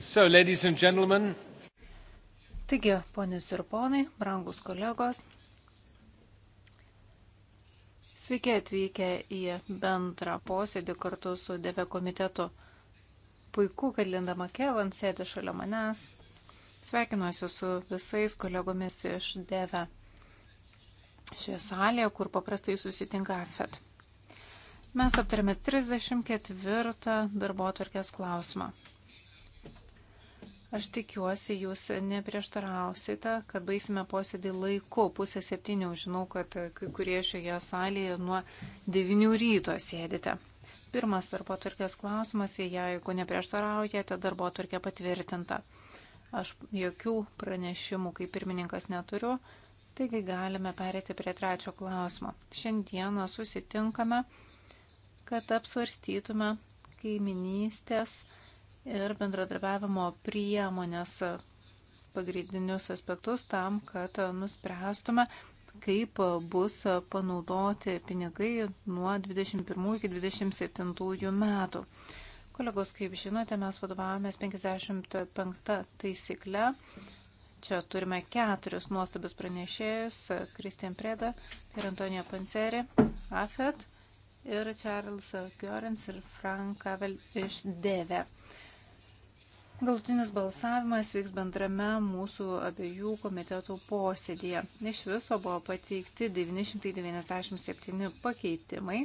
So, ladies and gentlemen. Taigi, ponius ir ponai, brangus kolegos, sveiki atvykę į bendrą posėdį kartu su DV komitetu. Puiku, kad Linda Makevan sėdi šalia manęs. Sveikinuosiu su visais kolegomis iš DV šioje salėje, kur paprastai susitinka AFET. Mes aptarėme 34 darbo atvarkės klausimą. Aš tikiuosi, jūs neprieštarausite, kad baisime posėdį laiku, pusę septynių. Žinau, kad kai kurie šioje salėje nuo devinių ryto sėdite. Pirmas darbo atvarkės klausimas, jeigu neprieštaraujate, darbo atvarkė patvirtinta. Aš jokių pranešimų kaip pirmininkas neturiu. Taigi galime perėti prie trečio klausimo. Šiandieną susitinkame, kad apsvarstytume kaiminystės ir bendradarbiavimo priemonės pagrindinius aspektus tam, kad nuspręstume, kaip bus panaudoti pinigai nuo 21 iki 27 metų. Kolegos, kaip žinote, mes vadovavomės 55 taisykle Čia turime keturis nuostabius pranešėjus - Kristian Preda ir Antonija Panceri, Afet ir Charles Görens ir Frank Avel iš Deve. Galutinis balsavimas vyks bendrame mūsų abiejų komitetų posėdėje. Iš viso buvo pateikti 997 pakeitimai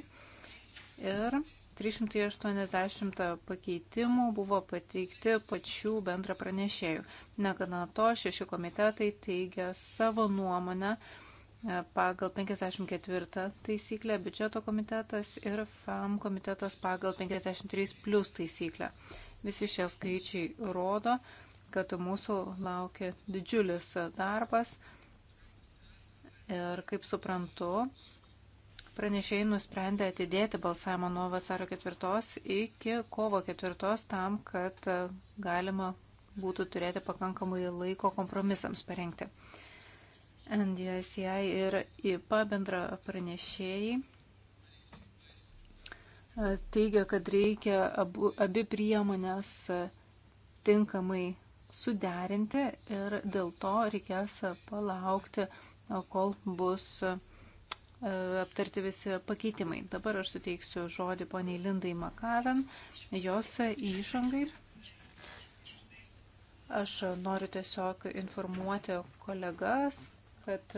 ir 380 pakeitimų buvo pateikti pačių bendra pranešėjų. Negana to, šeši komitetai teigia savo nuomonę e, pagal 54 taisyklę, biudžeto komitetas ir FAM komitetas pagal 53 plus taisyklę. Visi šie skaičiai rodo, kad mūsų laukia didžiulis darbas ir, kaip suprantu, Pranešėjai nusprendė atidėti balsavimą nuo vasario 4 iki kovo 4 tam, kad e, galima būtų turėti pakankamai laiko kompromisams parengti. NDICI ir IPA bendra pranešėjai e, teigia, kad reikia abu, abi priemonės e, tinkamai suderinti ir dėl to reikės palaukti, kol bus aptarti visi pakeitimai. Dabar aš suteiksiu žodį poniai Lindai Makaven, jos įžangai. Aš noriu tiesiog informuoti kolegas, kad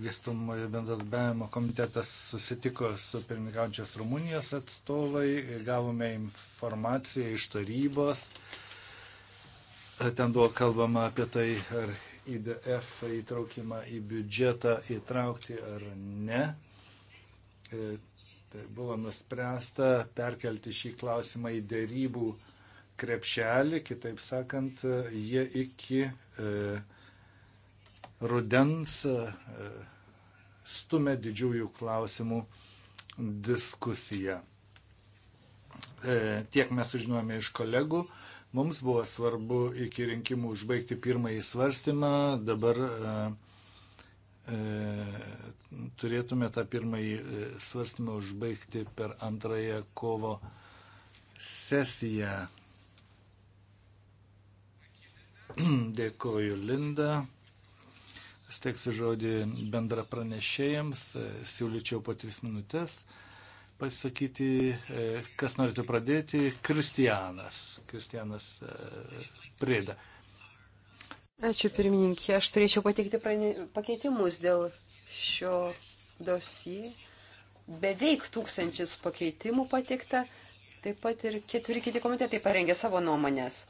Vystumojo bendradarbiavimo komitetas susitiko su pirmininkaujančios Rumunijos atstovai, gavome informaciją iš tarybos, Ten buvo kalbama apie tai, ar IDF įtraukimą į biudžetą įtraukti ar ne. E, tai buvo nuspręsta perkelti šį klausimą į dėrybų krepšelį, kitaip sakant, jie iki e, rudens e, stumia didžiųjų klausimų diskusiją. E, tiek mes sužinojome iš kolegų. E, Mums buvo svarbu iki rinkimų užbaigti pirmąjį svarstymą, dabar e, e turėtume tą pirmąjį e, svarstymą užbaigti per antrąją kovo sesiją. Dėkoju, Linda. Steksiu žodį bendra pranešėjams, e, siūlyčiau po tris minutės pasisakyti, e, kas norite pradėti. Kristijanas. Kristijanas e, Prėda. Ačiū pirmininkė. Aš turėčiau pateikti prane... pakeitimus dėl šio dosijai. Beveik tūkstančius pakeitimų pateikta. Taip pat ir keturi kiti komitetai parengė savo nuomonės.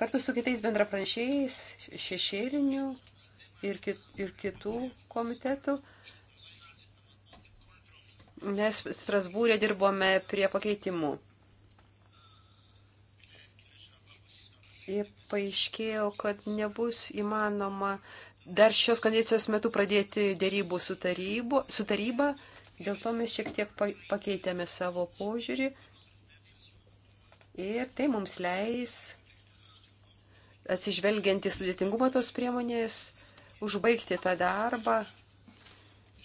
Kartu su kitais bendrapranešėjais, šešėlinių ir, kit, ir kitų komitetų Mes Strasbūrė dirbome prie pakeitimų. Ir paaiškėjo, kad nebus įmanoma dar šios kondicijos metu pradėti dėrybų su, tarybu, su taryba. Dėl to mes šiek tiek pakeitėme savo požiūrį. Ir tai mums leis, atsižvelgiant į sudėtingumą tos priemonės, užbaigti tą darbą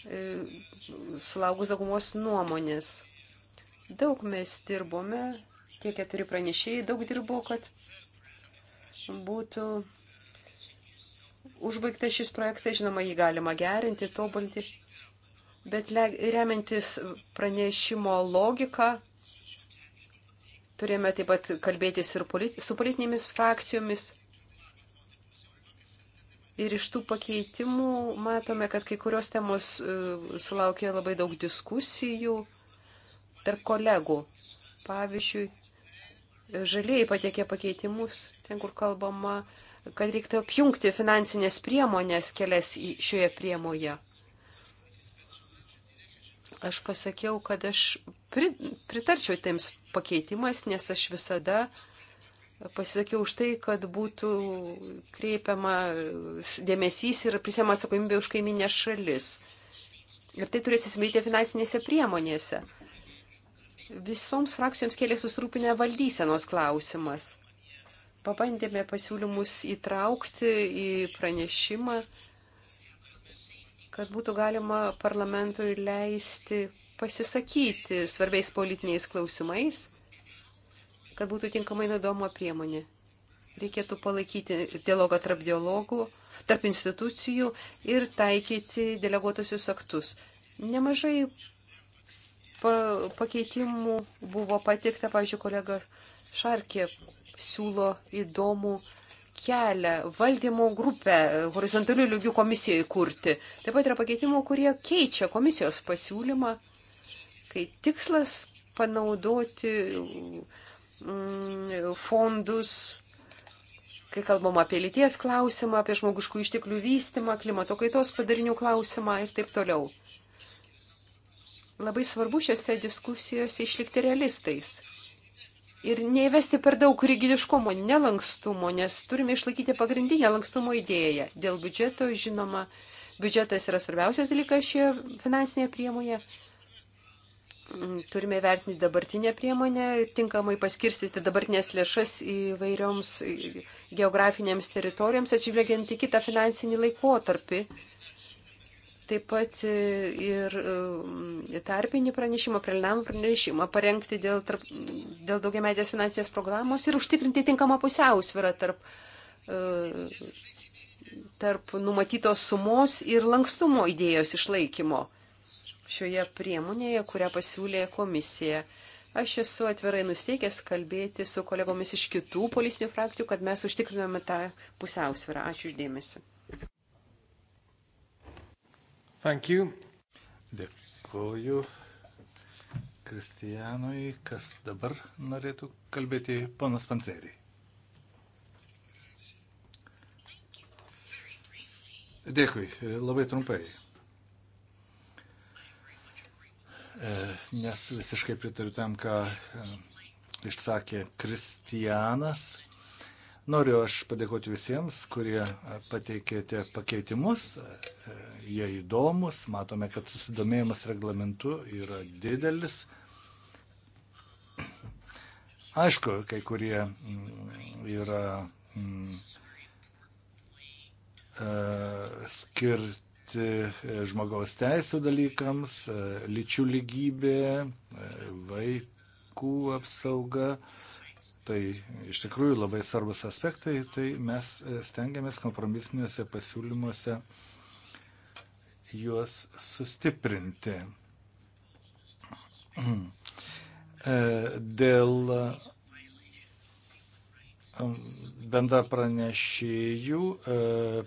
E, sulaukus daugumos nuomonės. Daug mes dirbome, tie keturi pranešėjai daug dirbo, kad būtų užbaigtas šis projektas. Žinoma, jį galima gerinti, tobulinti, bet remiantis pranešimo logiką, turėjome taip pat kalbėtis ir politi su politinėmis frakcijomis Ir iš tų pakeitimų matome, kad kai kurios temos e, sulaukė labai daug diskusijų tarp kolegų. Pavyzdžiui, žalieji patiekė pakeitimus, ten kur kalbama, kad reiktų apjungti finansinės priemonės kelias šioje priemoje. Aš pasakiau, kad aš pritarčiau tiems pakeitimas, nes aš visada uh, pasisakiau už tai, kad būtų kreipiama dėmesys ir prisėma atsakomybė už kaiminę šalis. Ir tai turės įsimylyti finansinėse priemonėse. Visoms frakcijoms kėlė susirūpinę valdysenos klausimas. Pabandėme pasiūlymus įtraukti į pranešimą, kad būtų galima parlamentui leisti pasisakyti svarbiais politiniais klausimais kad būtų tinkamai naudojama priemonė. Reikėtų palaikyti dialogą tarp dialogų, tarp institucijų ir taikyti deleguotusius aktus. Nemažai pa pakeitimų buvo patikta, pavyzdžiui, kolega Šarkė siūlo įdomų kelią valdymo grupę horizontalių lygių komisijoje kurti. Taip pat yra pakeitimų, kurie keičia komisijos pasiūlymą, kai tikslas panaudoti Mm, fondus, kai kalbam apie lyties klausimą, apie žmoguškų išteklių vystimą, klimato kaitos padarinių klausimą ir taip toliau. Labai svarbu šiuose diskusijose išlikti realistais ir neįvesti per daug rigidiškumo, nelankstumo, nes turime išlaikyti pagrindinę lankstumo idėją. Dėl biudžeto, žinoma, biudžetas yra svarbiausias dalykas šioje finansinėje priemonėje. Mm, turime vertinti dabartinę priemonę ir tinkamai paskirstyti dabartinės lėšas įvairioms geografinėms teritorijoms, atsižvelgiant į kitą finansinį laikotarpį. Taip pat e, ir e, tarpinį pranešimą, preliminarų pranešimą parengti dėl, tarp, dėl daugiametės finansinės programos ir užtikrinti tinkamą pusiausvyrą tarp, e, tarp numatytos sumos ir lankstumo idėjos išlaikymo šioje priemonėje, kurią pasiūlė komisija. Aš esu atvirai nusteikęs kalbėti su kolegomis iš kitų policinių frakcijų, kad mes užtikriname tą pusiausvyrą. Ačiū uždėmesi. Dėkuoju Kristijanui, kas dabar norėtų kalbėti, ponas Panceriai. Dėkui, labai trumpai. E, nes visiškai pritariu tam, ką e, išsakė Kristijanas. Noriu aš padėkoti visiems, kurie e, pateikėte pakeitimus. Jie įdomus, matome, kad susidomėjimas reglamentu yra didelis. Aišku, kai kurie mm, yra mm, skirti E, žmogaus teisų dalykams, e, lyčių lygybė, e, vaikų apsauga. Tai iš tikrųjų labai svarbus aspektai, tai mes stengiamės kompromisiniuose pasiūlymuose juos sustiprinti. Dėl bendra pranešėjų e,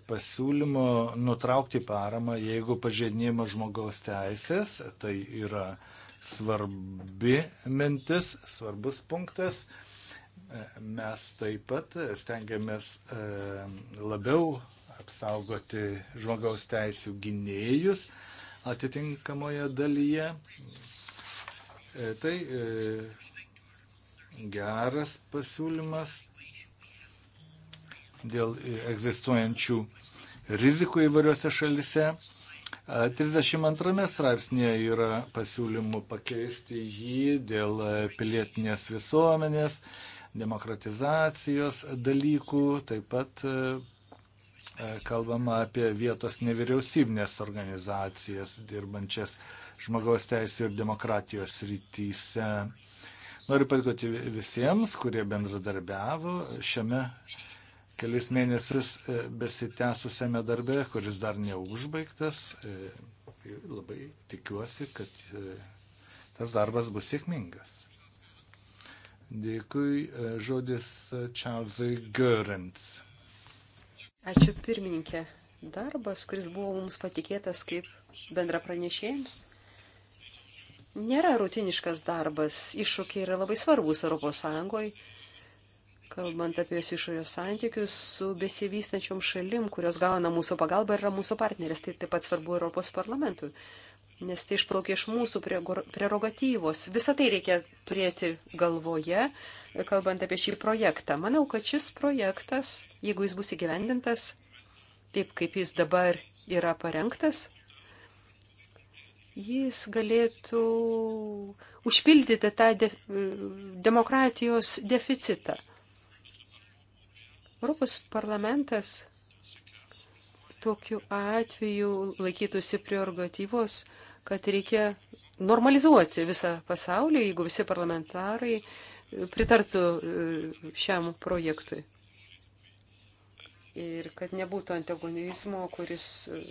pasiūlymo nutraukti paramą, jeigu pažeidinėjama žmogaus teisės, tai yra svarbi mintis, svarbus punktas. E, mes taip pat stengiamės e, labiau apsaugoti žmogaus teisų gynėjus atitinkamoje dalyje. Tai geras pasiūlymas dėl egzistuojančių rizikų įvairiuose šalise. 32 straipsnėje yra pasiūlymų pakeisti jį dėl pilietinės visuomenės, demokratizacijos dalykų, taip pat kalbama apie vietos nevyriausybinės organizacijas dirbančias žmogaus teisų ir demokratijos rytyse. Noriu padėkoti visiems, kurie bendradarbiavo šiame kelis mėnesius e, besitęsusiame darbe, kuris dar neužbaigtas. E, labai tikiuosi, kad e, tas darbas bus sėkmingas. Dėkui, žodis Čarlzai Görens. Ačiū pirmininkė. Darbas, kuris buvo mums patikėtas kaip bendra pranešėjams, nėra rutiniškas darbas. Iššūkiai yra labai svarbus ES kalbant apie jos išorės santykius su besivystančiom šalim, kurios gauna mūsų pagalbą ir yra mūsų partneris. Tai taip pat svarbu Europos parlamentui, nes tai išplaukia iš mūsų prerogatyvos. Visą tai reikia turėti galvoje, kalbant apie šį projektą. Manau, kad šis projektas, jeigu jis bus įgyvendintas taip, kaip jis dabar yra parengtas, jis galėtų užpildyti tą de demokratijos deficitą. Europos parlamentas tokiu atveju laikytųsi prerogatyvos, kad reikia normalizuoti visą pasaulį, jeigu visi parlamentarai pritartų e, šiam projektui. Ir kad nebūtų antagonizmo, kuris e,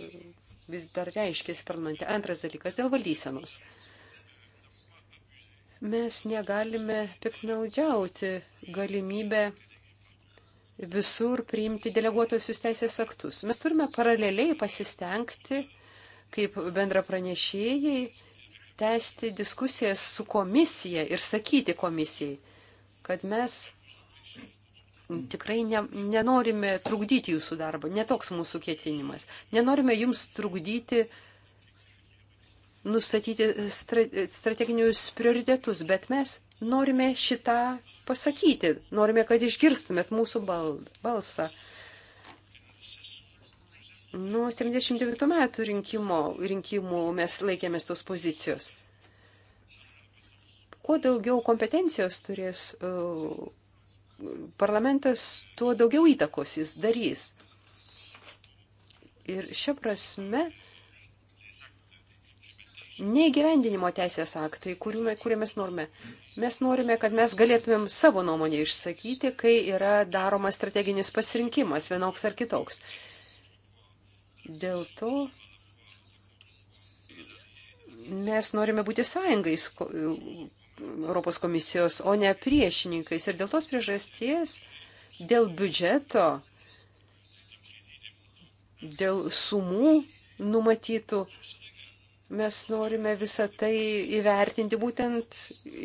vis dar reiškėsi parlamente. Antras dalykas - dėl valdysenos. Mes negalime piknaudžiauti galimybę visur priimti deleguotosius teisės aktus. Mes turime paraleliai pasistengti, kaip bendra pranešėjai, tęsti diskusijas su komisija ir sakyti komisijai, kad mes tikrai ne, nenorime trukdyti jūsų darbą, netoks mūsų ketinimas. Nenorime jums trukdyti uh, nustatyti strateginius prioritetus, bet mes norime šitą pasakyti, norime, kad išgirstumėt mūsų balsą. Nuo 79 metų rinkimo, rinkimų mes laikėmės tos pozicijos. Kuo daugiau kompetencijos turės uh, parlamentas, tuo daugiau įtakos jis darys. Ir šia prasme neįgyvendinimo teisės aktai, kuriuo, kuriuo mes norime. Mes norime, kad mes galėtumėm savo nuomonę išsakyti, kai yra daromas strateginis pasirinkimas vienoks ar kitoks. Dėl to mes norime būti sąjungais Europos komisijos, o ne priešininkais. Ir dėl tos priežasties, dėl biudžeto, dėl sumų numatytų mes norime visą tai įvertinti būtent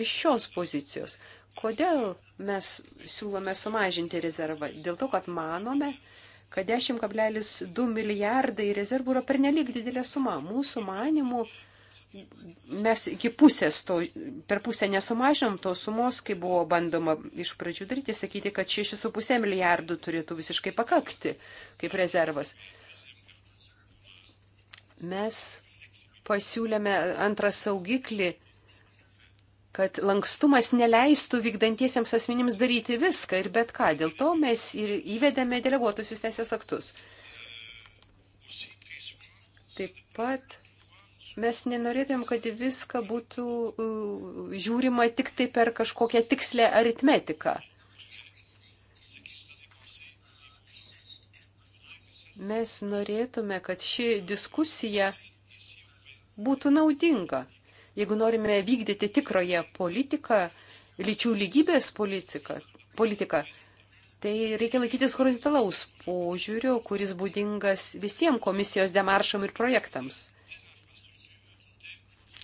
iš šios pozicijos. Kodėl mes siūlome sumažinti rezervą? Dėl to, kad manome, kad 10,2 milijardai rezervų yra pernelyg didelė suma. Mūsų manimų mes iki pusės to, per pusę nesumažinom tos sumos, kai buvo bandoma iš pradžių daryti, sakyti, kad 6,5 milijardų turėtų visiškai pakakti kaip rezervas. Mes pasiūlėme antrą saugiklį, kad lankstumas neleistų vykdantiesiems asmenims daryti viską ir bet ką. Dėl to mes ir įvedėme deleguotusius teisės aktus. Taip pat mes nenorėtumėm, kad viską būtų uh, žiūrima tik tai per kažkokią tikslę aritmetiką. Mes norėtume, kad ši diskusija būtų naudinga. Jeigu norime vykdyti tikroje politiką, lyčių lygybės politiką, politiką tai reikia laikytis horizontalaus požiūrio, kuris būdingas visiems komisijos demaršam ir projektams.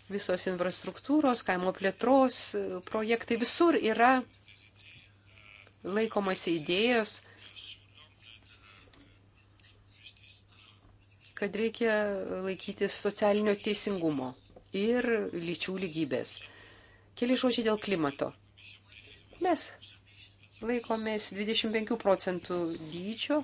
Visos infrastruktūros, kaimo plėtros projektai visur yra laikomasi idėjos, kad reikia laikytis socialinio teisingumo ir lyčių lygybės. Keli žodžiai dėl klimato. Mes laikomės 25 procentų dydžio.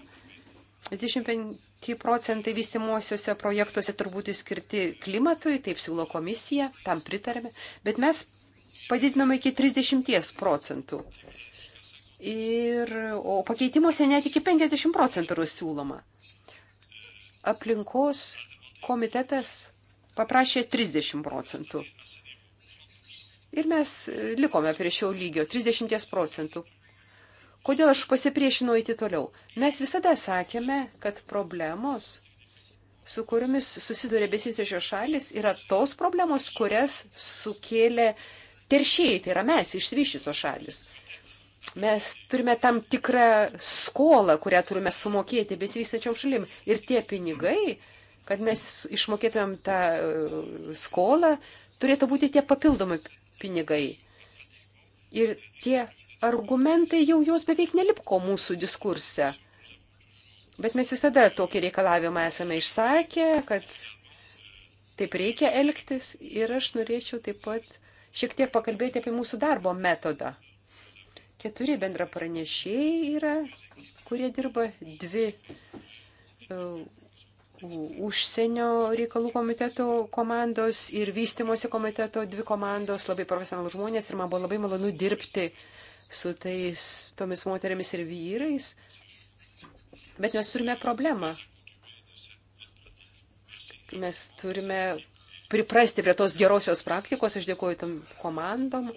25 procentai vystimuosiuose projektuose turbūt skirti klimatui, taip siūlo komisija, tam pritarėme, bet mes padidinome iki 30 procentų. Ir, o pakeitimuose net iki 50 procentų yra siūloma aplinkos komitetas paprašė 30 procentų. Ir mes e, likome prie šio lygio 30 procentų. Kodėl aš pasipriešinau eiti toliau? Mes visada sakėme, kad problemos, su kuriomis susiduria besisėšios šalis, yra tos problemos, kurias sukėlė teršėjai, tai yra mes, išsivyščiusios šalis. Mes turime tam tikrą skolą, kurią turime sumokėti besivystačiom šalim. Ir tie pinigai, kad mes išmokėtumėm tą e, skolą, turėtų būti tie papildomi pinigai. Ir tie argumentai jau jos beveik nelipko mūsų diskurse. Bet mes visada tokį reikalavimą esame išsakę, kad taip reikia elgtis ir aš norėčiau taip pat šiek tiek pakalbėti apie mūsų darbo metodą. Keturi bendra pranešėjai yra, kurie dirba dvi e, užsienio reikalų komiteto komandos ir vystimosi komiteto dvi komandos, labai profesionalų žmonės ir man buvo labai malonu dirbti su tais tomis moteriamis ir vyrais. Bet mes turime problemą. Mes turime priprasti prie tos gerosios praktikos. Aš dėkuoju tom komandom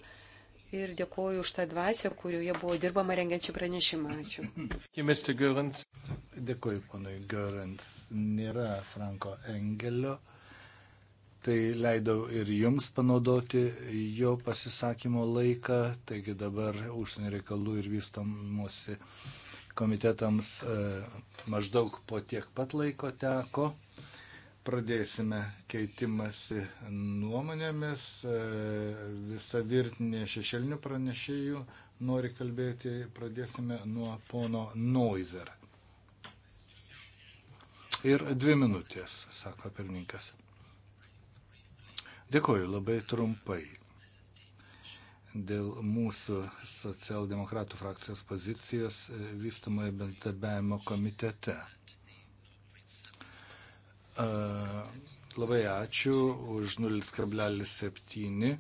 ir dėkoju už tą dvasę, kurioje buvo dirbama rengiančių pranešimą. Ačiū. Dėkoju, ponui Görans. Nėra Franko Engelio. Tai leidau ir jums panaudoti jo pasisakymo laiką, taigi dabar užsienio reikalų ir vystamosi komitetams e, maždaug po tiek pat laiko teko pradėsime keitimąsi nuomonėmis. E, visa virtinė šešėlinių pranešėjų nori kalbėti. Pradėsime nuo pono Noizer. Ir dvi minutės, sako pirmininkas. Dėkoju labai trumpai dėl mūsų socialdemokratų frakcijos pozicijos e, vystamojo bendradarbiavimo komitete. Labai ačiū už 0,7 e,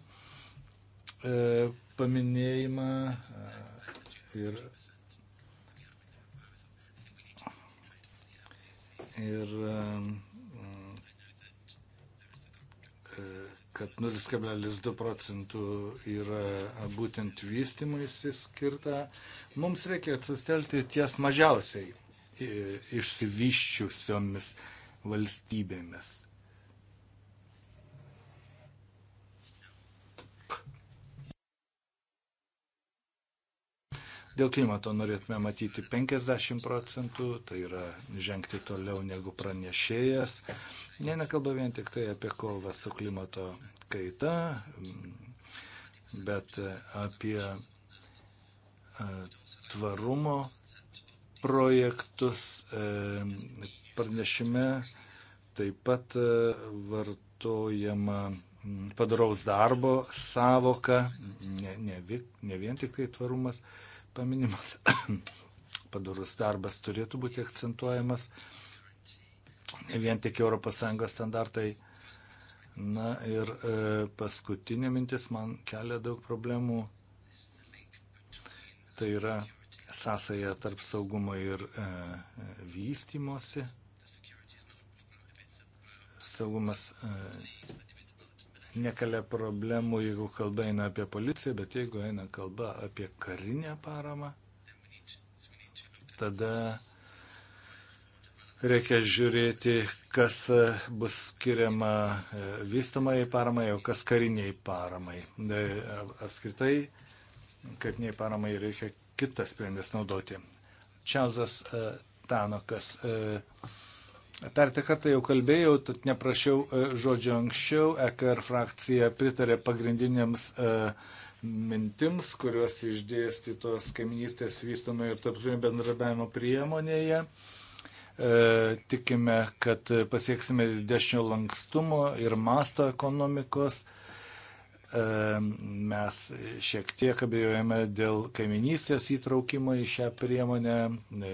paminėjimą. E, ir, ir e, kad 0,2 procentų yra būtent vystimaisi skirta. Mums reikia atsistelti ties mažiausiai išsivyščiusiomis valstybėmis. Dėl klimato norėtume matyti 50 procentų, tai yra žengti toliau negu pranešėjas. Jie nekalba vien tik tai apie kovą su klimato kaita, bet apie e, tvarumo projektus. E, pranešime taip pat e, vartojama padaraus darbo savoka, ne, ne, ne vien tik tai tvarumas paminimas, padarus darbas turėtų būti akcentuojamas, ne vien tik ES standartai. Na ir e, paskutinė mintis man kelia daug problemų. Tai yra sąsaja tarp saugumo ir e, vystimosi. Saugumas e, nekelia problemų, jeigu kalba eina apie policiją, bet jeigu eina kalba apie karinę paramą, tada reikia žiūrėti, kas e, bus skiriama e, vystamai paramai, o kas kariniai paramai. E, apskritai, kariniai paramai reikia kitas priemonės naudoti. Čiauzas e, Tanokas. E, Pertą kartą jau kalbėjau, tad neprašiau e, žodžio anksčiau. EKR frakcija pritarė pagrindiniams mintims, kurios išdėstytos kaiminystės vystomo ir tarptautinio bendradarbiavimo priemonėje. Tikime, kad pasieksime didesnio lankstumo ir masto ekonomikos E, mes šiek tiek abejojame dėl kaiminystės įtraukimo į šią priemonę. E,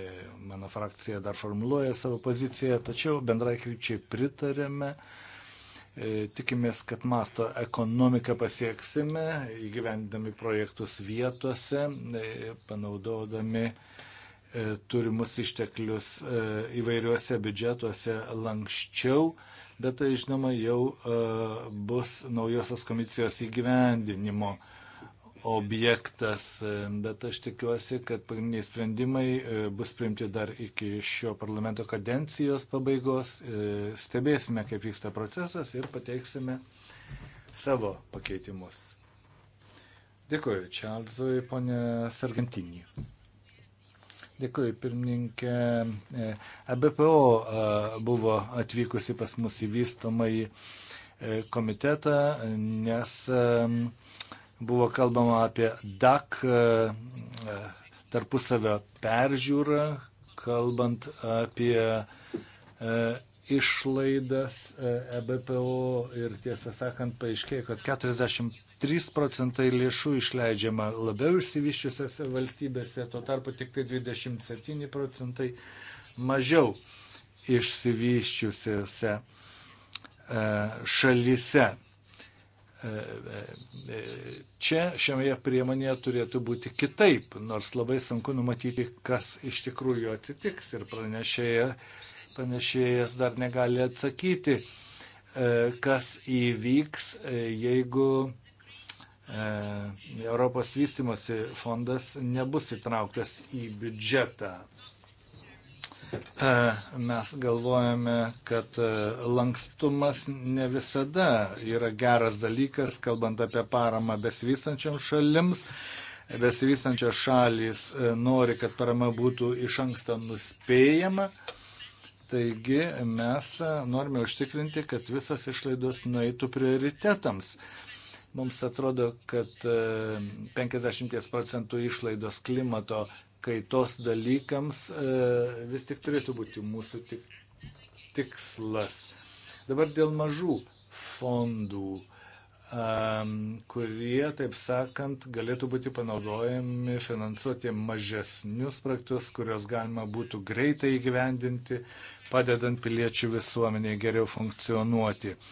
mano frakcija dar formuluoja savo poziciją, tačiau bendrai krypčiai pritarėme. E, tikimės, kad masto ekonomiką pasieksime, įgyvendami projektus vietose, panaudodami turimus išteklius įvairiuose biudžetuose lankščiau bet tai žinoma jau e, bus naujosios komisijos įgyvendinimo objektas, e, bet aš tikiuosi, kad pagrindiniai sprendimai e, bus priimti dar iki šio parlamento kadencijos pabaigos. Stebėsime, kaip vyksta procesas ir pateiksime savo pakeitimus. Dėkuoju Čarlzui, ponė Sargantinį. Dėkuoju, pirmininkė. E, ABPO e, buvo atvykusi pas mus į vystomąjį e, komitetą, nes buvo kalbama apie DAC tarpusavio peržiūrą, kalbant apie išlaidas EBPO ir tiesą sakant paaiškėjo, kad 40 3 procentai lėšų išleidžiama labiau išsivyščiusiose valstybėse, tuo tarpu tik tai 27 procentai mažiau išsivyščiusiose e, šalyse. E, e, čia šioje priemonėje turėtų būti kitaip, nors labai sunku numatyti, kas iš tikrųjų atsitiks ir pranešėja, pranešėjas dar negali atsakyti, kas įvyks, jeigu E, Europos vystimosi fondas nebus įtrauktas į biudžetą. E, mes galvojame, kad e, lankstumas ne visada yra geras dalykas, kalbant apie paramą besivystančiam šalims. Besivystančios šalis nori, kad parama būtų iš anksto nuspėjama. Taigi mes norime užtikrinti, kad visas išlaidos nueitų prioritetams. Mums atrodo, kad 50 e, procentų išlaidos klimato kaitos dalykams e, vis tik turėtų būti mūsų tik, tikslas. Dabar dėl mažų fondų, kurie, taip sakant, galėtų būti panaudojami finansuoti mažesnius projektus, kuriuos galima būtų greitai įgyvendinti, padedant piliečių visuomeniai geriau funkcionuoti. Uh,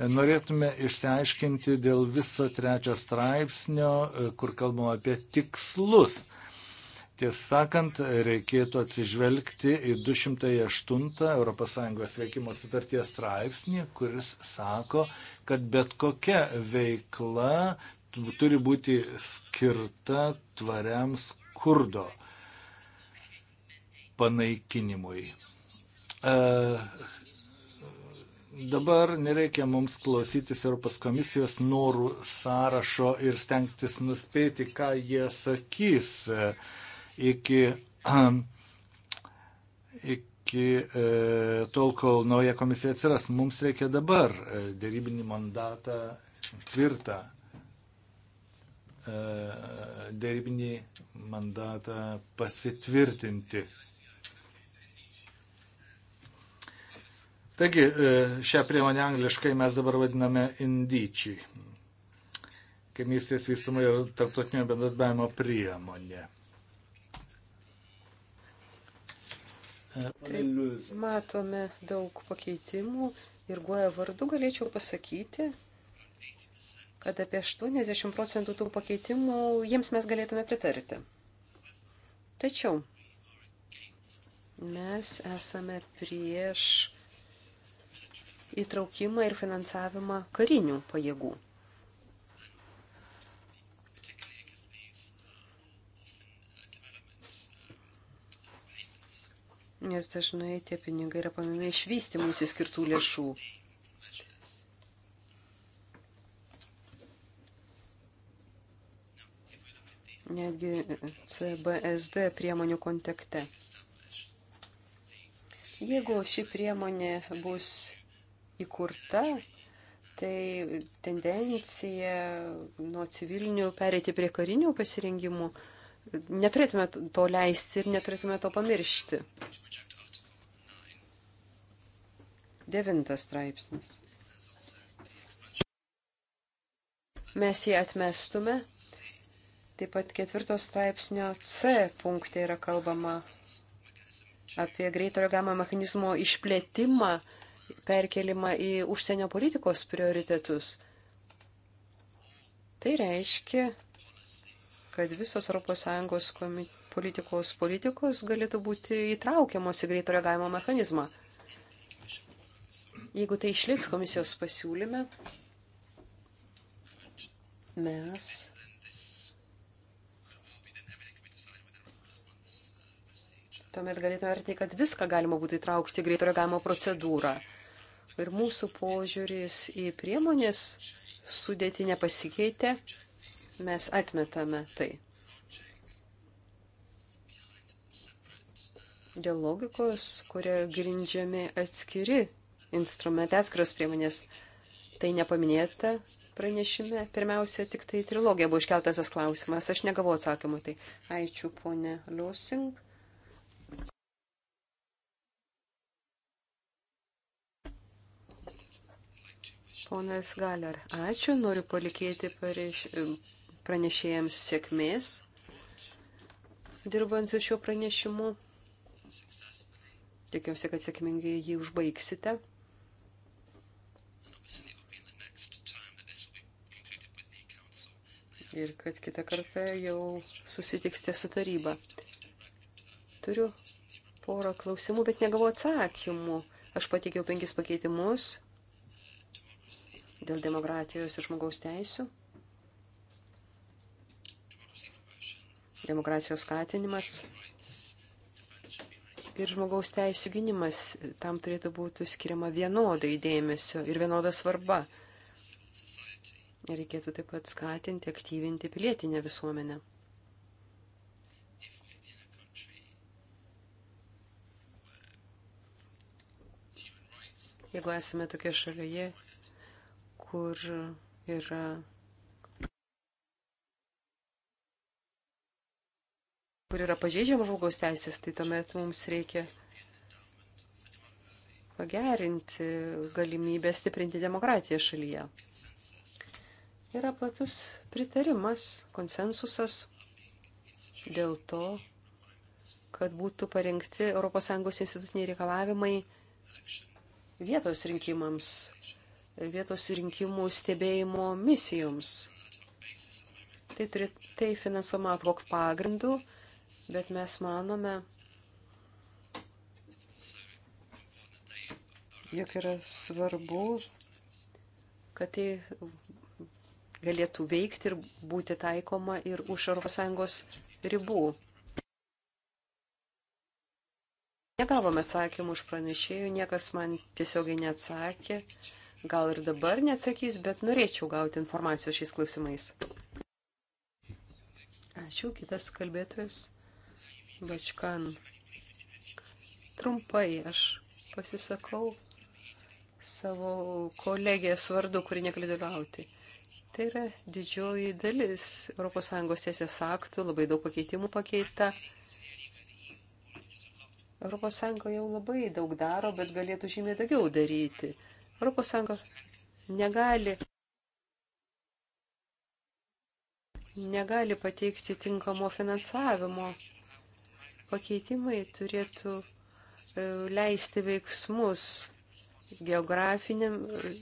Norėtume išsiaiškinti dėl viso trečio straipsnio, e, kur kalbama apie tikslus. Tiesą sakant, reikėtų atsižvelgti į 208 ES veikimo sutarties straipsnį, kuris sako, kad bet kokia veikla turi būti skirta tvariam skurdo panaikinimui. E, Dabar nereikia mums klausytis Europos komisijos norų sąrašo ir stengtis nuspėti, ką jie sakys iki, iki e, tol, kol nauja komisija atsiras. Mums reikia dabar e, dėrybinį mandatą tvirtą, e, dėrybinį mandatą pasitvirtinti. Taigi, e, šią priemonę angliškai mes dabar vadiname indyčiai. Kaimystės vystumo ir tarptautinio bendradarbiavimo priemonė. E, Taip, matome daug pakeitimų ir guoja vardu galėčiau pasakyti, kad apie 80 procentų tų pakeitimų jiems mes galėtume pritarti. Tačiau mes esame prieš įtraukimą ir finansavimą karinių pajėgų. Nes dažnai tie pinigai yra paminami išvystymui įskirtų lėšų. netgi CBSD priemonių kontekste. Jeigu ši priemonė bus įkurta, tai tendencija nuo civilinių perėti prie karinių pasirengimų, neturėtume to leisti ir neturėtume to pamiršti. Devintas straipsnis. Mes jį atmestume. Taip pat ketvirtos straipsnio C punkte yra kalbama apie greitojo gamo mechanizmo išplėtimą perkelimą į užsienio politikos prioritetus. Tai reiškia, kad visos ES politikos politikos galėtų būti įtraukiamos į greito reagavimo mechanizmą. Jeigu tai išliks komisijos pasiūlyme, mes tuomet galėtume vertinti, kad viską galima būtų įtraukti į greito reagavimo procedūrą ir mūsų požiūris į priemonės sudėti nepasikeitė, mes atmetame tai. Dėl logikos, kuria grindžiami atskiri instrumentai, atskiros priemonės, tai nepaminėta pranešime. Pirmiausia, tik tai trilogija buvo iškeltas tas klausimas. Aš negavau atsakymų. Tai ačiū, ponė Liusing. Ponas Galer, ačiū, noriu palikėti pareiš... pranešėjams sėkmės dirbant su šiuo pranešimu. Tikiuosi, kad sėkmingai jį užbaigsite. Ir kad kitą kartą jau susitiksite su taryba. Turiu porą klausimų, bet negavau atsakymų. Aš pateikiau penkis pakeitimus dėl demokratijos ir žmogaus teisų. Demokratijos skatinimas ir žmogaus teisų gynimas tam turėtų būti skiriama vienodai dėmesio ir vienoda svarba. Reikėtų taip pat skatinti, aktyvinti pilietinę visuomenę. Jeigu esame tokia šalyje, kur yra kur yra pažeidžiama žmogaus teisės, tai tuomet mums reikia pagerinti galimybę stiprinti demokratiją šalyje. Yra platus pritarimas, konsensusas dėl to, kad būtų parengti ES instituciniai reikalavimai vietos rinkimams, vietos rinkimų stebėjimo misijoms. Tai, turi, tai finansuoma atvok pagrindų, bet mes manome, jog yra svarbu, kad tai galėtų veikti ir būti taikoma ir už ES ribų. Negavome atsakymų iš pranešėjų, niekas man tiesiogiai neatsakė gal ir dabar neatsakys, bet norėčiau gauti informacijos šiais klausimais. Ačiū, kitas kalbėtojas. Bačkan. Trumpai aš pasisakau savo kolegės vardu, kuri negali dalyvauti. Tai yra didžioji dalis ES teisės aktų, labai daug pakeitimų pakeita. ES jau labai daug daro, bet galėtų žymiai daugiau daryti. Europos Sąjunga negali, negali pateikti tinkamo finansavimo. Pakeitimai turėtų e, leisti veiksmus geografiniam e,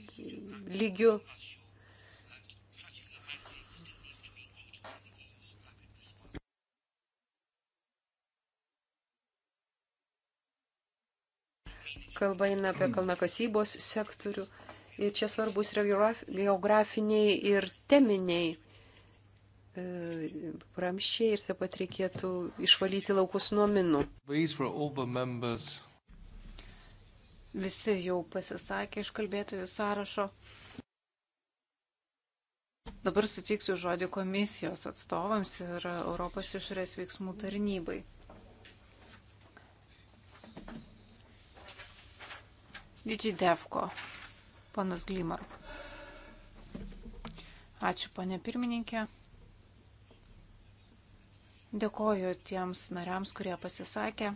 lygiu kalba eina apie kalnakasybos sektorių. Ir čia svarbus yra geografiniai ir teminiai e, ramščiai ir taip pat reikėtų išvalyti laukus nuo minų. Visi jau pasisakė iš kalbėtojų sąrašo. Dabar sutiksiu žodį komisijos atstovams ir Europos išorės veiksmų tarnybai. Didžidevko, panas Glimar. Ačiū, ponė pirmininkė. Dėkoju tiems nariams, kurie pasisakė.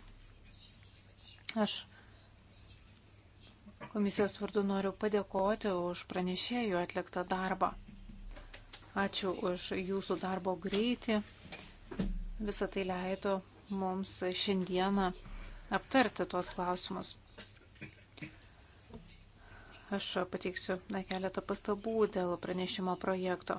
Aš komisijos vardu noriu padėkoti už pranešėjų atliktą darbą. Ačiū už jūsų darbo greitį. Visą tai leido mums šiandieną aptarti tuos klausimus. Aš pateiksiu na, keletą pastabų dėl pranešimo projekto.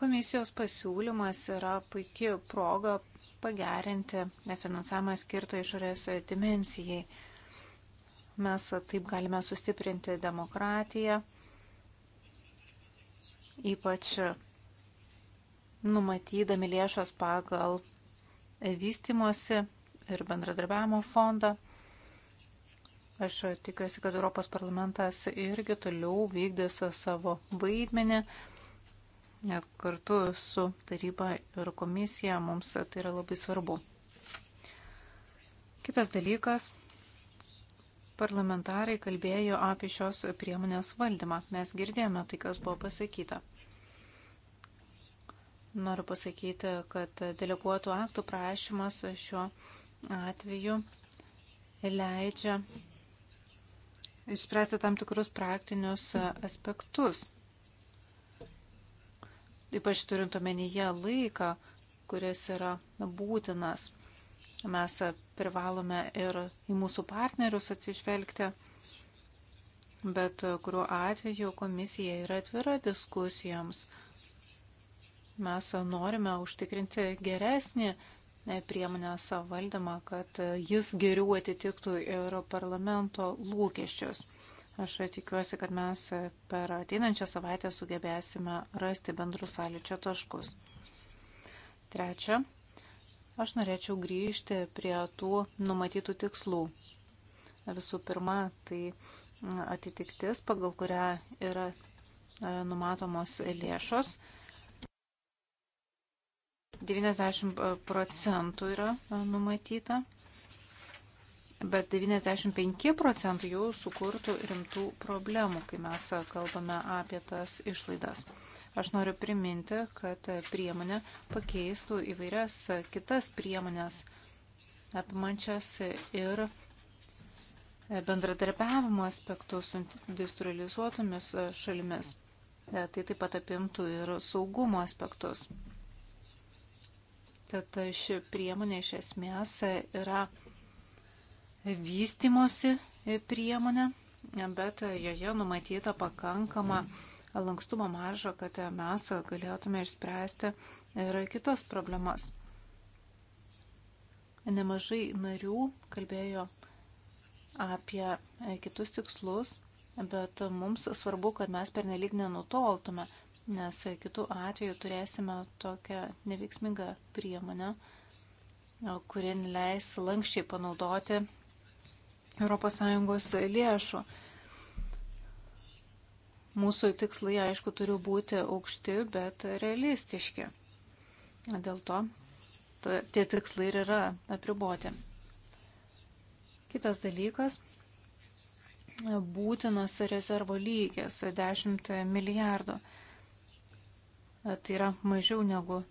Komisijos pasiūlymas yra puikia proga pagerinti finansavimą skirtą išorės dimensijai. Mes taip galime sustiprinti demokratiją, ypač numatydami lėšas pagal vystimosi ir bendradarbiavimo fondą. Aš tikiuosi, kad Europos parlamentas irgi toliau vykdys savo vaidmenį e, kartu su taryba ir komisija. Mums tai yra labai svarbu. Kitas dalykas parlamentarai kalbėjo apie šios priemonės valdymą. Mes girdėjome tai, kas buvo pasakyta. Noriu pasakyti, kad deleguotų aktų prašymas šiuo atveju leidžia išspręsti tam tikrus praktinius aspektus. Ypač turint omenyje laiką, kuris yra būtinas. Mes privalome ir į mūsų partnerius atsižvelgti, bet kuriuo atveju komisija yra atvira diskusijoms. Mes norime užtikrinti geresnį priemonės valdymą, kad jis geriau atitiktų ir parlamento lūkesčius. Aš tikiuosi, kad mes per ateinančią savaitę sugebėsime rasti bendrus sąlyčio taškus. Trečia, aš norėčiau grįžti prie tų numatytų tikslų. Visų pirma, tai atitiktis, pagal kurią yra e, numatomos lėšos 90 e, procentų yra e, numatyta, bet 95 procentų jau sukurtų rimtų problemų, kai mes kalbame apie tas išlaidas. Aš noriu priminti, kad priemonė pakeistų įvairias kitas priemonės apimančias ir bendradarbiavimo aspektus su industrializuotomis šalimis. E, tai taip pat apimtų ir saugumo aspektus. Tad ši priemonė iš esmės yra vystimosi priemonė, bet joje numatyta pakankama lankstumo marža, kad mes galėtume išspręsti ir kitas problemas. Nemažai narių kalbėjo apie kitus tikslus, bet mums svarbu, kad mes pernelyg nenutoltume nes kitų atveju turėsime tokią neveiksmingą priemonę, kuri leis lankščiai panaudoti ES lėšų. Mūsų tikslai, aišku, turi būti aukšti, bet realistiški. Dėl to tie tikslai ir yra apriboti. Kitas dalykas - būtinas rezervo lygis - 10 milijardų. E, tai yra mažiau negu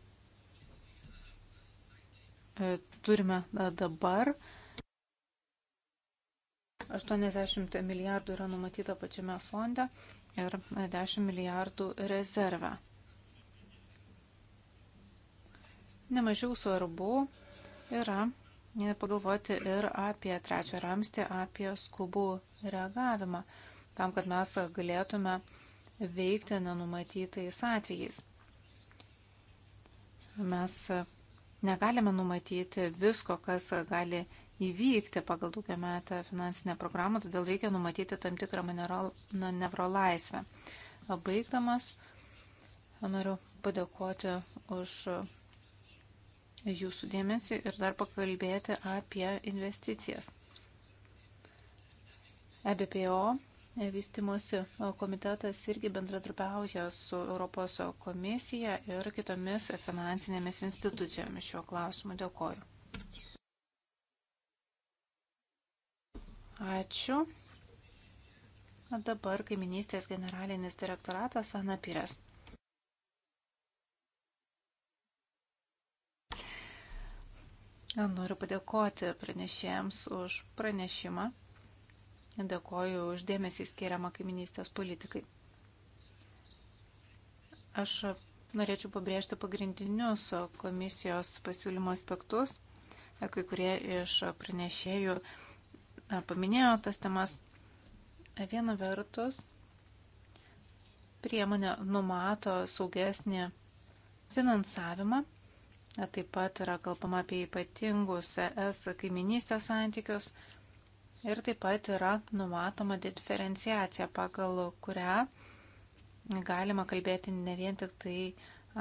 e, turime e, dabar. 80 milijardų yra numatyta pačiame fonde ir 10 milijardų rezerve. Nemažiau svarbu yra pagalvoti ir apie trečią ramstį, apie skubų reagavimą, tam, kad mes galėtume veikti nenumatytais atvejais. Mes negalime numatyti visko, kas gali įvykti pagal daugiametę finansinę programą, todėl reikia numatyti tam tikrą manevro laisvę. Baigdamas, noriu padėkoti už jūsų dėmesį ir dar pakalbėti apie investicijas. EBPO Vystimosi komitetas irgi bendradarbiauja su Europos komisija ir kitomis finansinėmis institucijomis šiuo klausimu. Dėkoju. Ačiū. Dabar kaiminystės generalinis direktoratas Ana Pires. Noriu padėkoti pranešėjams už pranešimą. Dėkoju uždėmesį skiriamą kaiminystės politikai. Aš norėčiau pabrėžti pagrindinius komisijos pasiūlymo aspektus. Kai kurie iš pranešėjų paminėjo tas temas. Viena vertus, priemonė numato saugesnį finansavimą. Taip pat yra kalbama apie ypatingus ES kaiminystės santykius ir taip pat yra numatoma diferenciacija, pagal kurią galima kalbėti ne vien tik tai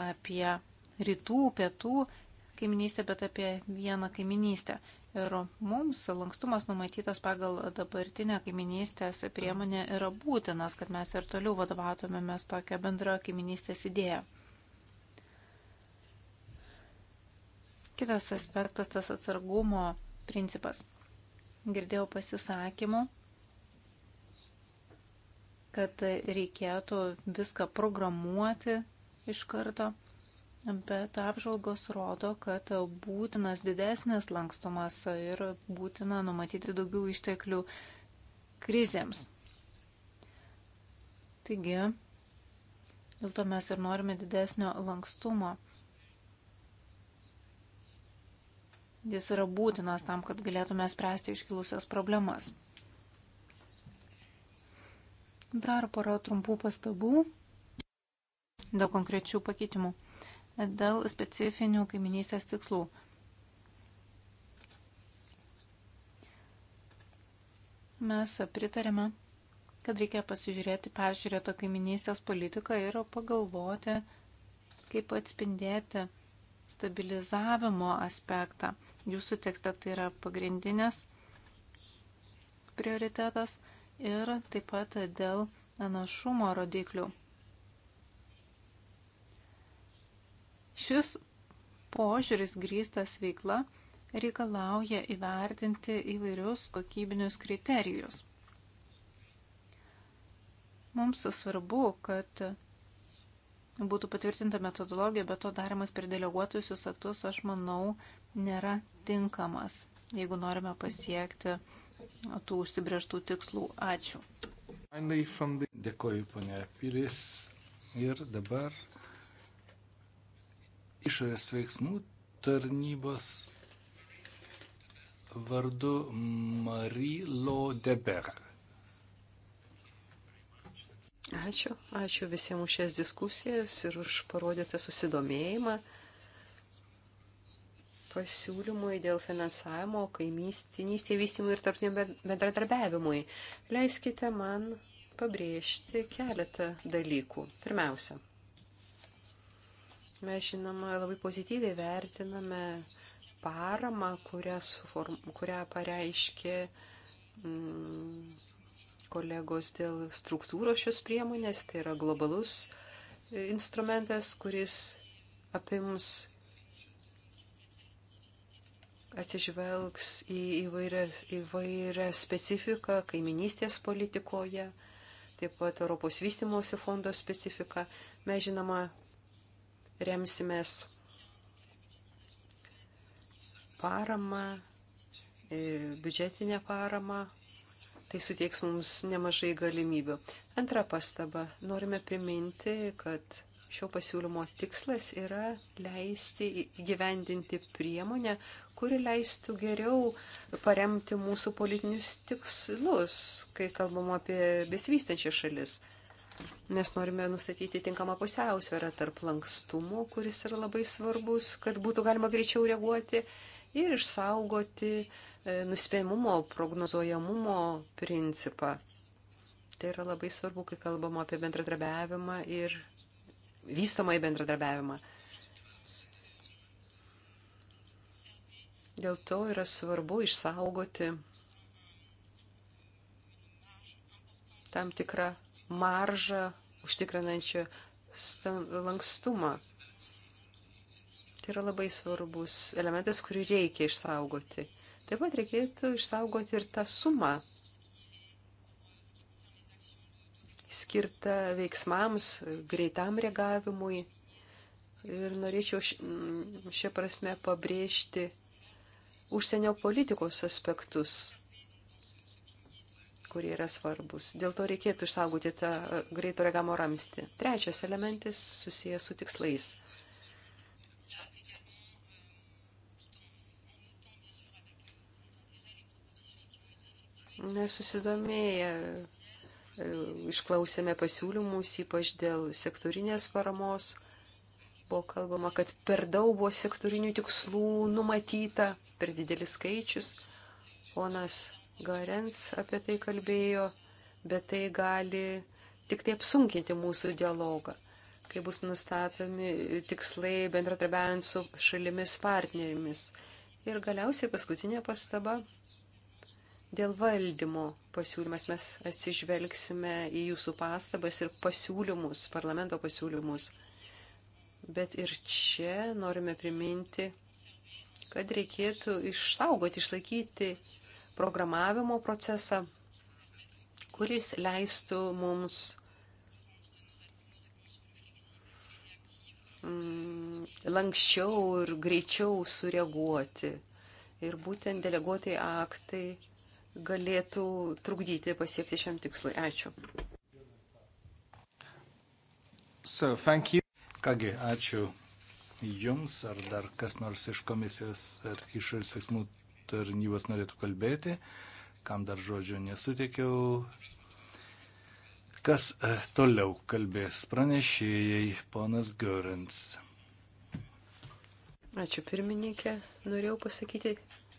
apie rytų, pietų kaiminystę, bet apie vieną kaiminystę. Ir mums lankstumas numatytas pagal dabartinę kaiminystės priemonę yra būtinas, kad mes ir toliau vadovautumėmės tokią bendrą kaiminystės idėją. Kitas aspektas - tas atsargumo principas girdėjau pasisakymų, kad reikėtų viską programuoti iš karto, bet apžvalgos rodo, kad būtinas didesnis lankstumas ir būtina numatyti daugiau išteklių krizėms. Taigi, dėl to mes ir norime didesnio lankstumo. Jis yra būtinas tam, kad galėtume spręsti iškilusias problemas. Dar pora trumpų pastabų dėl konkrečių pakeitimų, dėl specifinių kaiminystės tikslų. Mes pritarėme, kad reikia pasižiūrėti peržiūrėtą kaiminystės politiką ir pagalvoti, kaip atspindėti stabilizavimo aspektą jūsų tekste tai yra pagrindinės prioritetas ir taip pat dėl našumo rodiklių. Šis požiūris grįstas veikla reikalauja įvertinti įvairius kokybinius kriterijus. Mums svarbu, kad būtų patvirtinta metodologija, bet to darimas per deleguotusius aktus, aš manau, nėra tinkamas, jeigu norime pasiekti tų užsibrieštų tikslų. Ačiū. Dėkoju, ponė Pilis. Ir dabar išorės veiksmų tarnybos vardu Marilo Deber. Ačiū, ačiū visiems už šias diskusijas ir už parodytą susidomėjimą pasiūlymui dėl finansavimo, kaimystinystė vystymui ir tarptiniam bendradarbiavimui. Leiskite man pabrėžti keletą dalykų. Pirmiausia, mes žinoma labai pozityviai vertiname paramą, kurią, suform, kurią pareiškė mm, kolegos dėl struktūros šios priemonės, tai yra globalus e, instrumentas, kuris apims atsižvelgs į įvairią, įvairią specifiką kaiminystės politikoje, taip pat Europos vystimosi fondo specifiką. Mes žinoma remsimės paramą, e, biudžetinę paramą. Tai suteiks mums nemažai galimybių. Antra pastaba. Norime priminti, kad šio pasiūlymo tikslas yra leisti gyvendinti priemonę, kuri leistų geriau paremti mūsų politinius tikslus, kai kalbam apie besivystančias šalis. Mes norime nustatyti tinkamą pusiausvėrą tarp lankstumo, kuris yra labai svarbus, kad būtų galima greičiau reaguoti ir išsaugoti e, nuspėjimumo, prognozuojamumo principą. Tai yra labai svarbu, kai kalbam apie bendradarbiavimą ir vystamą į bendradarbiavimą. Dėl to yra svarbu išsaugoti tam tikrą maržą užtikrinančią lankstumą. Tai yra labai svarbus elementas, kurį reikia išsaugoti. Taip pat reikėtų išsaugoti ir tą sumą skirtą veiksmams, greitam reagavimui. Ir norėčiau šią prasme pabrėžti užsienio politikos aspektus, kurie yra svarbus. Dėl to reikėtų išsaugoti tą greito reagamo ramstį. Trečias elementas susijęs su tikslais. Nesusidomėję e, išklausėme pasiūlymus, ypač dėl sektorinės paramos Buvo kalbama, kad per daug buvo sektorinių tikslų numatyta, per didelis skaičius. Ponas Garens apie tai kalbėjo, bet tai gali tik tai apsunkinti mūsų dialogą, kai bus nustatomi tikslai bendratarbiaujant su šalimis partnerėmis. Ir galiausiai paskutinė pastaba. Dėl valdymo pasiūlymas mes atsižvelgsime į jūsų pastabas ir pasiūlymus, parlamento pasiūlymus. Bet ir čia norime priminti, kad reikėtų išsaugoti, išlaikyti programavimo procesą, kuris leistų mums mm, lankščiau ir greičiau sureaguoti. Ir būtent deleguotai aktai galėtų trukdyti pasiekti šiam tikslui. Ačiū. So, Kągi, ačiū Jums, ar dar kas nors iš komisijos ar išorės veiksmų tarnybos norėtų kalbėti, kam dar žodžio nesuteikiau. Kas e, toliau kalbės pranešėjai, ponas Görins. Ačiū pirmininkė. Norėjau pasakyti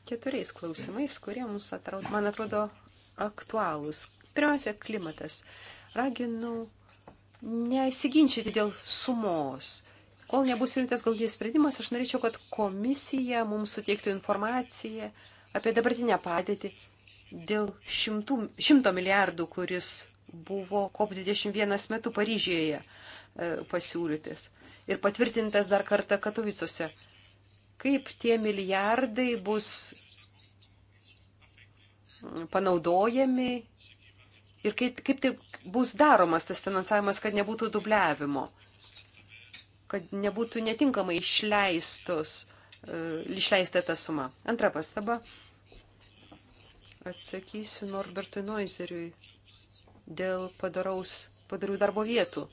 keturiais klausimais, kurie mums atrodo, man atrodo aktualūs. Pirmiausia, klimatas. Raginau nesiginčyti dėl sumos. Kol nebus priimtas galutinis sprendimas, aš norėčiau, kad komisija mums suteiktų informaciją apie dabartinę padėtį dėl šimtų, šimto milijardų, kuris buvo COP21 metu Paryžėje e, pasiūlytis ir patvirtintas dar kartą Katovicuose. Kaip tie milijardai bus panaudojami ir kaip, kaip tai bus daromas tas finansavimas, kad nebūtų dubliavimo, kad nebūtų netinkamai išleistos, e, išleista ta suma. Antra pastaba. Atsakysiu Norbertui Noizeriui dėl padaraus, padarių darbo vietų.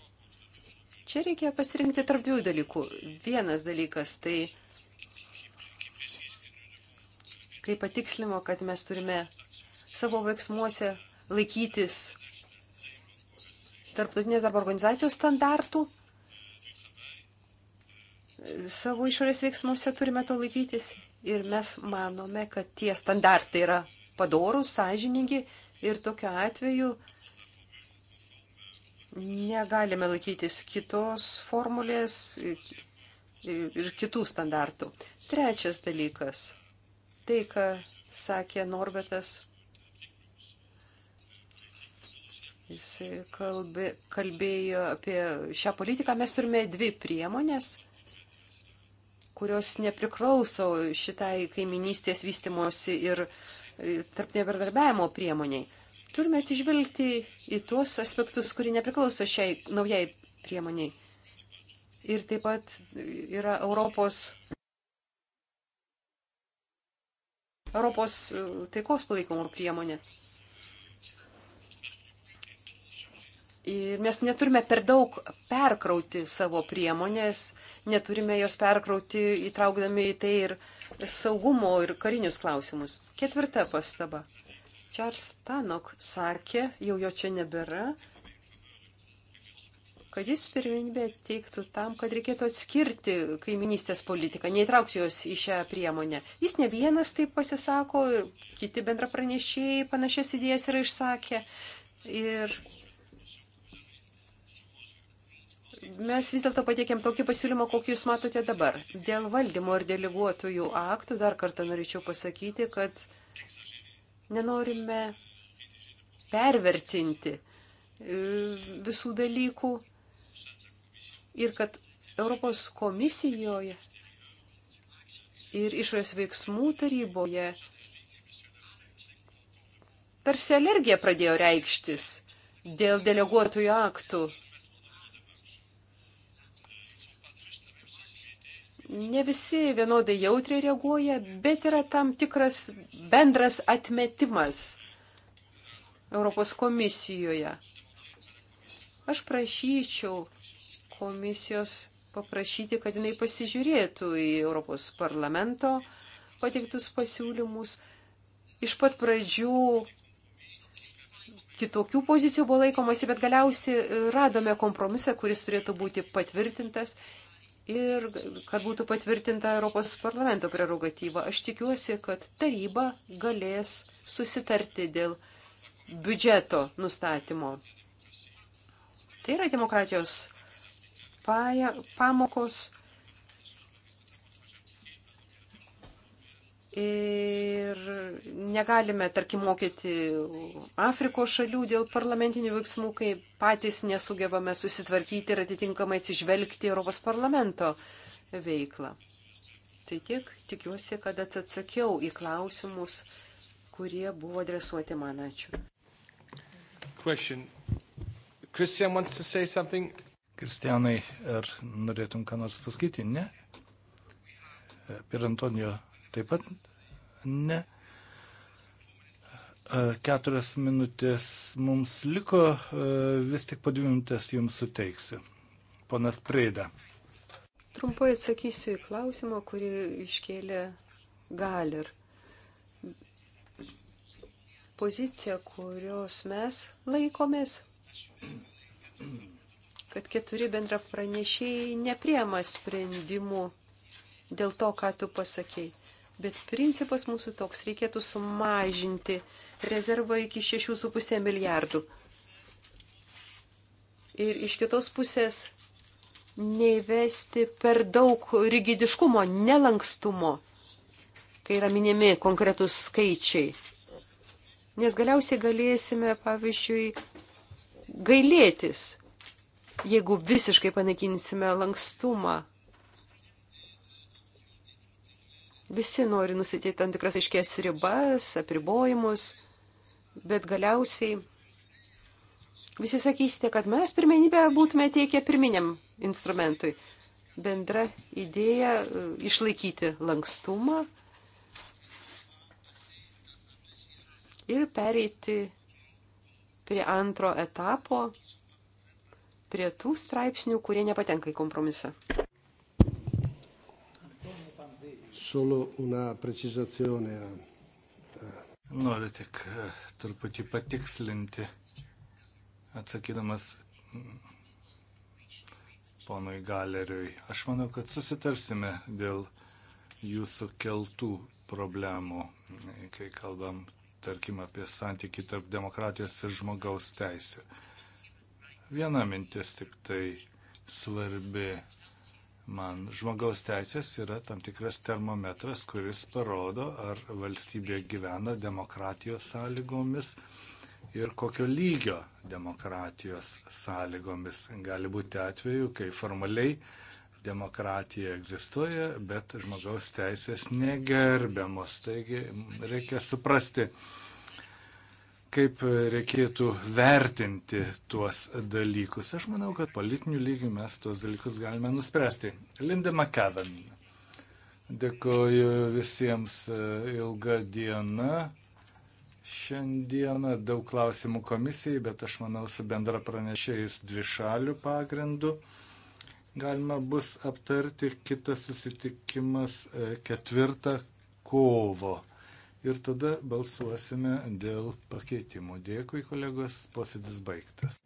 Čia reikia pasirinkti tarp dviejų dalykų. Vienas dalykas tai, kai patikslimo, kad mes turime savo veiksmuose laikytis tarptautinės darbo organizacijos standartų. Savo išorės veiksmuose turime to laikytis ir mes manome, kad tie standartai yra padorūs, sąžiningi ir tokiu atveju negalime laikytis kitos formulės ir kitų standartų. Trečias dalykas - tai, ką sakė Norbertas Jis kalbė, kalbėjo apie šią politiką. Mes turime dvi priemonės, kurios nepriklauso šitai kaiminystės vystimosi ir e, tarptinio bendradarbiavimo priemoniai. Turime atsižvelgti į tuos aspektus, kurie nepriklauso šiai naujai priemoniai. Ir taip pat yra Europos, Europos e, taikos palaikomų priemonė. Ir mes neturime per daug perkrauti savo priemonės, neturime jos perkrauti įtraukdami į tai ir saugumo ir karinius klausimus. Ketvirta pastaba. Charles Tanok sakė, jau jo čia nebėra, kad jis pirminybę teiktų tam, kad reikėtų atskirti kaiminystės politiką, neįtraukti jos į šią priemonę. Jis ne vienas taip pasisako ir kiti bendra pranešėjai panašias idėjas yra išsakę. Ir Mes vis dėlto patiekėm tokį pasiūlymą, kokį jūs matote dabar. Dėl valdymo ir deleguotojų aktų dar kartą norėčiau pasakyti, kad nenorime pervertinti e, visų dalykų ir kad Europos komisijoje ir išorės veiksmų taryboje tarsi alergija pradėjo reikštis dėl deleguotojų aktų ne visi vienodai jautriai reaguoja, bet yra tam tikras bendras atmetimas Europos komisijoje. Aš prašyčiau komisijos paprašyti, kad jinai pasižiūrėtų į Europos parlamento pateiktus pasiūlymus. Iš pat pradžių kitokių pozicijų buvo laikomasi, bet galiausiai radome kompromisą, kuris turėtų būti patvirtintas ir kad būtų patvirtinta Europos parlamento prerogatyva. Aš tikiuosi, kad taryba galės susitarti dėl biudžeto nustatymo. Tai yra demokratijos pamokos, Ir negalime, tarkim, mokyti Afrikos šalių dėl parlamentinių veiksmų, kai patys nesugebame susitvarkyti ir atitinkamai atsižvelgti Europos parlamento veiklą. Tai tiek, tikiuosi, kad atsakiau į klausimus, kurie buvo adresuoti man. Ačiū. Kristianai, ar norėtum ką nors pasakyti? Ne? Per Antonijo Taip pat ne. Keturias minutės mums liko, vis tik po dvi minutės jums suteiksiu. Ponas Preida. Trumpai atsakysiu į klausimą, kurį iškėlė Galer. Pozicija, kurios mes laikomės, kad keturi bendra pranešėjai nepriema sprendimų dėl to, ką tu pasakėjai Bet principas mūsų toks, reikėtų sumažinti rezervą iki 6,5 milijardų. Ir iš kitos pusės neįvesti per daug rigidiškumo, nelankstumo, kai yra minimi konkretus skaičiai. Nes galiausiai galėsime, pavyzdžiui, gailėtis, jeigu visiškai panaikinsime lankstumą Visi nori nusitėti tam tikras aiškės ribas, apribojimus, bet galiausiai visi sakysite, kad mes pirmenybę būtume teikę pirminiam instrumentui. Bendra idėja e, išlaikyti lankstumą ir pereiti prie antro etapo, prie tų straipsnių, kurie nepatenka į kompromisą solo una precisazione. Noriu tik truputį patikslinti, atsakydamas mm, ponui galeriui. Aš manau, kad susitarsime dėl jūsų keltų problemų, kai kalbam, tarkim, apie santyki tarp demokratijos ir žmogaus teisė. Viena mintis tik tai svarbi Man žmogaus teisės yra tam tikras termometras, kuris parodo, ar valstybė gyvena demokratijos sąlygomis ir kokio lygio demokratijos sąlygomis. Gali būti atveju, kai formaliai demokratija egzistuoja, bet žmogaus teisės negerbiamos. Taigi reikia suprasti, kaip reikėtų vertinti tuos dalykus. Aš manau, kad politinių lygių mes tuos dalykus galime nuspręsti. Linda McCavan. Dėkoju visiems e, ilgą dieną. Šiandieną daug klausimų komisijai, bet aš manau, su bendra pranešėjais dvi šalių pagrindu galima bus aptarti kitas susitikimas e, ketvirtą kovo ir tada balsuosime dėl pakeitimų. Dėkui, kolegos, posėdis baigtas.